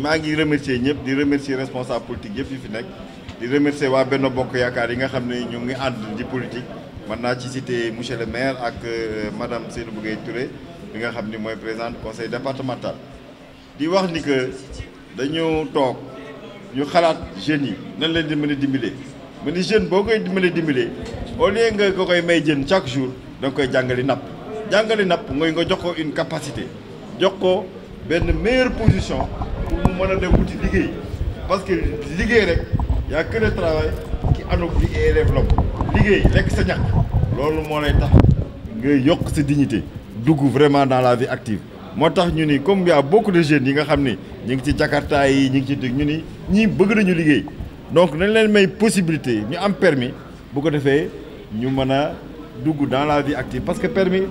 maa ngi remercier ñëpp di remercier responsable politique yëpp yi fi nekk di remercier waa benn Bokk Yaakaar yi nga xam ne ñu ngi ànd di politique man naa ci citer monsieur le maire ak euh, madame Seynabou Gueye Touré bi nga xam ni mooy présidente conseil départemental di wax ni que dañu toog ñu xalaat jeunes yi nan leen di mën a dimbalee ma ni jeune boo koy mën a dimbalee au lieu nga ko koy may jën chaque jour da koy jàngali napp jàngali napp mooy nga jox ko une capacité jox ko benn meilleure position pour mu mën a dem wuti liggéey parce que liggéey rek y a que le travail qui anoblit et liggéey lekk sa ñax loolu moo lay tax nga yokk sa dignité dugg vraiment dans la vie active moo tax ñu ni comme y a beaucoup de jeunes yi nga xam ni ñu ngi ci Jakarta yi ñu ngi ci dëkk ñu ni ñii bëgg nañu liggéey donc nañ leen may possibilité ñu am permis bu ko defee ñu mën a dugg dans la vie active parce que permis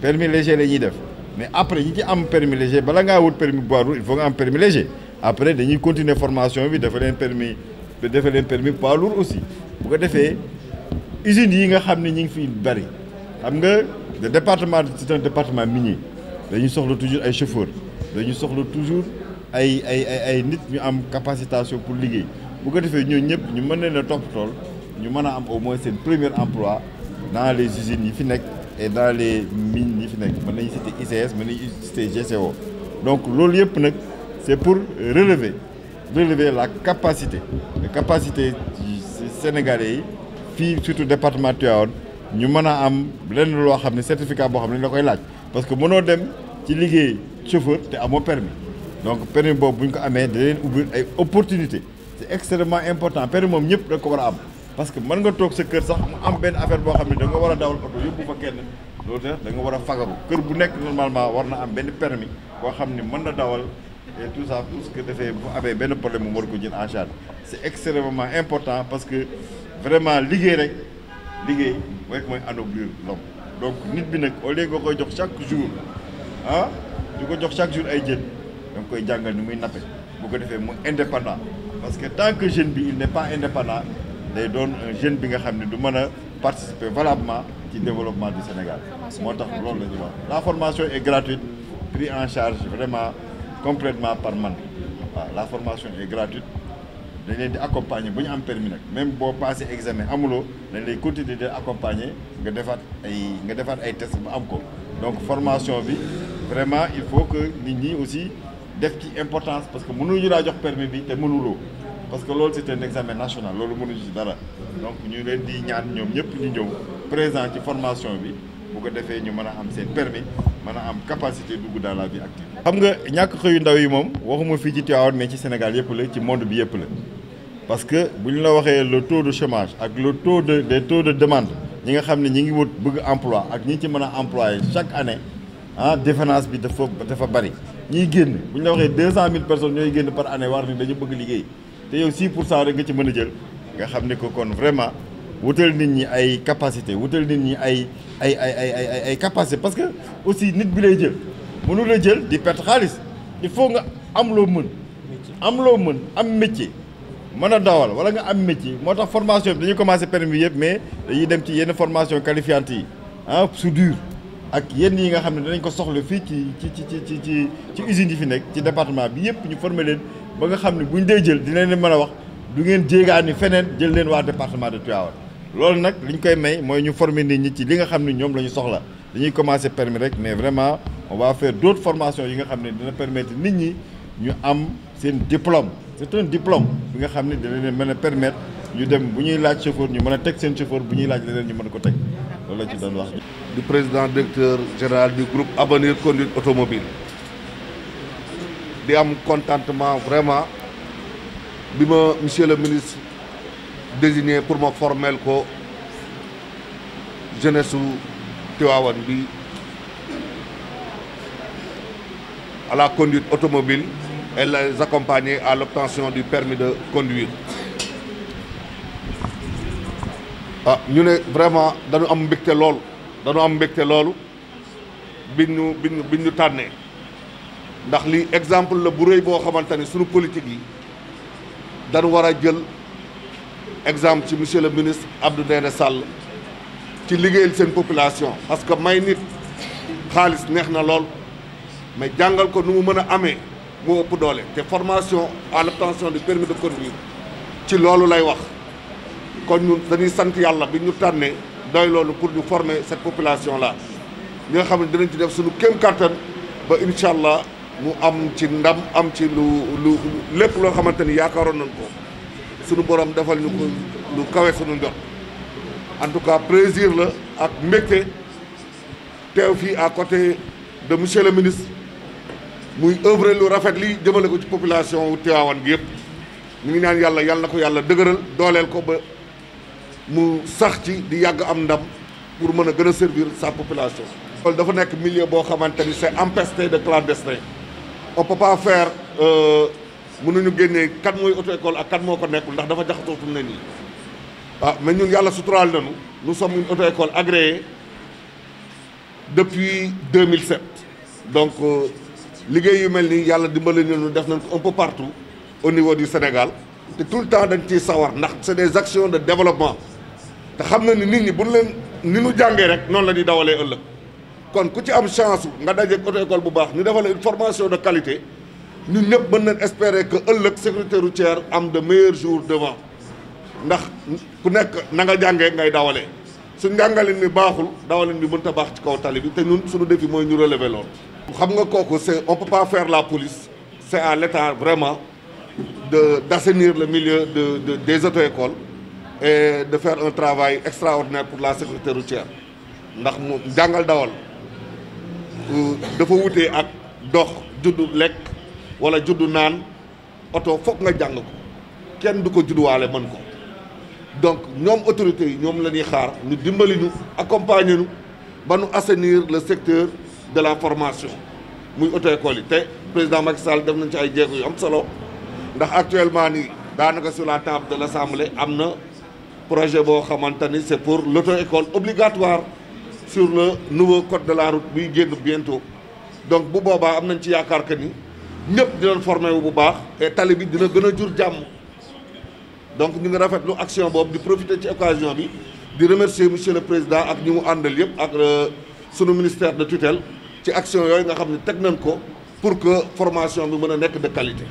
permis léger yi ñuy def mais après ñi ci am permis léger bala ngaa wut permis poids lourd il faut nga am permis léger après dañuy continuer formation bi dafa leen permis dafa leen permis poids lourd aussi bu ko defee usines yi nga xam ni ñu ngi fi bari xam nga le département c'est un département minier dañuy soxla toujours ay chauffeurs dañu soxla toujours ay ay ay ay nit ñu am capacitation pour liggéey bu ko defee ñooñu ñëpp ñu mën leen a topp tool ñu mën a am au moins seen premier emploi dans les usines yi fi nekk et dans les mines yi fi nekk mën nañu citer ICS mën nañu citer GCO donc loolu yëpp nag c'est pour relever relever la capacité la capacité sénégalais yi fii surtout département Tivaouane ñu mën a am lenn loo xam ne certificat boo xam ne la koy laaj parce que mënoo dem ci liggéey chauffeur te amoo permis donc permis boobu bu ñu ko amee da leen ubbi ay opportunité c'est extrêmement important permis moom ñëpp da ko war a am parce que mën nga toog sa kër sax mu am benn affaire boo xam ne da nga war a dawal oto yóbbu fa kenn loolu tax da nga war a fagaru kër bu nekk normalement war na am benn permis boo xam ne man na dawal et tout ça tout ce que dafay bu benn problème mu war ko jël en charge c'est extrêmement important parce que vraiment liggéey rek liggéey rek mooy anoblir l'homme donc nit bi nag au lieu nga koy jox chaque jour ah du ko jox chaque jour ay jën da nga koy jàngal ni muy nappe bu ko defee mu indépendant parce que tant jeune bi il n'est pas day doon un jeune bi nga xam ne du mën a participer valablement ci développement di Sénégal moo tax loolu la ñuy wax la formation est gratuite pris en charge vraiment complètement par man waaw la formation est gratuite dañ leen di accompagner bu ñu am permis nag même boo passé examen amuloo dañ lay continuer di accompagner nga defaat ay nga defaat ay test ba am ko donc formation bi vraiment il faut que nit ñi aussi def ci importance parce que mënuñu laa jox permis bi te mënuloo parce que loolu c'est un examen national loolu mënuñu ci dara donc ñu leen di ñaan ñoom ñëpp ñu ñëw présent ci formation bi bu ko defee ñu mën a am seen permis mën a am capacité dugg dans la vie active. xam nga ñàkk xëyu ndaw yi moom waxuma fii ci Tivaouane mais ci Sénégal yëpp la ci monde bi yëpp la parce que bu ñu la waxee le taux de chômage ak le taux de des taux de demande ñi nga xam ne ñi ngi wut bëgg emploi ak ñi ci mën a employé chaque année ah différence bi dafa dafa bari ñiy génn bu ñu la waxee deux cent mille bëgg liggéey. te yow 6 pour cent rek nga ci mën a jël nga xam ne ko kon vraiment wutal nit ñi ay capacité wutal nit ñi ay ay ay ay ay capacité parce que aussi nit bi lay jël mënu la jël di perte xaalis il faut nga am loo mën am loo mën am métier mën a dawal wala nga am métier moo tax formation bi dañuy commencé permis bi yëpp mais dañuy dem ci yenn formation qualifiante yi ah soudure ak yenn yi nga xam ne danañ ko soxla fii ci ci ci ci ci ci usines yi fi nekk ci département bi yëpp ñu former leen ba nga xam ne buñ dee jël dinañ leen mën a wax du ngeen jéegaani feneen jël leen waa département de Tivaouane loolu nag li ñu koy may mooy ñu former nit ñi ci li nga xam ne ñoom la ñu soxla dañuy commencer permis rek mais vraiment on va faire d'autres formations yi nga xam ne dina permettre nit ñi ñu am seen diplôme c'est un diplôme bi nga xam ne dina leen mën a permettre ñu dem bu ñuy laaj chauffeur ñu mën a teg seen chauffeur bu ñuy laaj leneen ñu mën ko teg loolu la ci doon wax. président directeur général du groupe Avenir Conduite Automobile di am contentement vraiment bi ma monsieur le ministre désigné pour ma formel ko jeunesse su Tivaouane bi à la conduite automobile et les accompagner à l'obtention du permis de conduire ah ñu ne vraiment dañu am mbégte loolu dañu am mbégte loolu bi ñu bi ñu bi ñu tànnee ndax lii exemple la bu rëy boo xamante ne suñu politique yi dañ war a jël exemple ci monsieur le ministre Abdou Ndéné Sall ci liggéeyal seen population parce que may nit xaalis neex na lool mais jàngal ko nu mu mën a amee moo ëpp doole te formation à l'obtention du permis de conduire ci loolu lay wax kon ñun dañuy sant yàlla bi ñu tànnee doy loolu pour ñu former cette population là ñi nga xam ne dinañ ci def suñu kéem kàttan ba incha allah mu am ci ndam am ci lu lu lépp loo xamante ni yaakaaroon nañ ko sunu borom defal ñu ko lu kawe suñu njot en tout cas plaisir la ak mbégte teew fii à côté de monsieur le ministre muy œuvre lu rafet li jëmale ko ci population Tivaouane gi yëpp mu ngi naan yàlla yàlla na ko yàlla dëgëral dooleel ko ba mu sax ci di yàgg am ndam pour mën a gën a servir sa population. loolu dafa nekk milieu boo xamante ni c'est empesté de clandestin. on peut pas faire euh, mënuñu génnee kan mooy auto école ak kan moo ko nekkul ndax dafa jaxatoo fu mu ne nii ah mel ñun yàlla suturaal nañu nous sommes une auto école agréée depuis 2007 donc euh, liggéey yu mel nii yàlla dimbali nañu def nañ ko un peu partout au niveau du Sénégal te tout le temps dañ ciy sawar ndax c'est des actions de développement te xam na ni nit ñi bu ñu leen ni ñu jàngee rek noonu la ñuy dawalee ëllëg. kon ku ci am chance nga daje auto école bu baax ñu defal une formation de qualité ñun ñëpp mën nañ espérer que ëllëg sécurité routière am de meilleurs jours devant ndax ku nekk na nga jàngee ngay dawale su njàngalin mi baaxul dawalin bi mën ta baax ci kaw tali bi te ñun suñu défi mooy ñu relever lool. xam nga kooku c'est on peut faire la police c'est à l'État vraiment de d'assainir le milieu de, de des auto-écoles et de faire un travail extraordinaire pour la sécurité routière ndax mu jàngal dawal dafa wutee ak dox juddu lekk wala juddu naan oto foog nga jàng ko kenn du ko judduwaale mën ko donc ñoom autorités yi ñoom la ñuy xaar ñu dimbali ñu accompagner ñu ba nu assainir le secteur de la formation muy auto école yi te président Macky Sall def nañ ci ay jéego yu am solo ndax actuellement nii daanaka sur la table de l' assemblée am na projet boo xamante ni c' est pour l' auto école obligatoire. sur le nouveau code de la route buy génn bientôt donc bu boobaa am nañ ci yaakaar que ni ñëpp dinañ formé wu bu baax et tali bi dina gën a jur jàmm donc ñu ngi rafetlu action boobu di profiter ci occasion bi di remercier monsieur le président ak ñi mu àndal yëpp ak euh, sunu ministère de tutelle ci action yooyu nga xam ne teg nañ ko pour que formation bi mën a nekk de qualité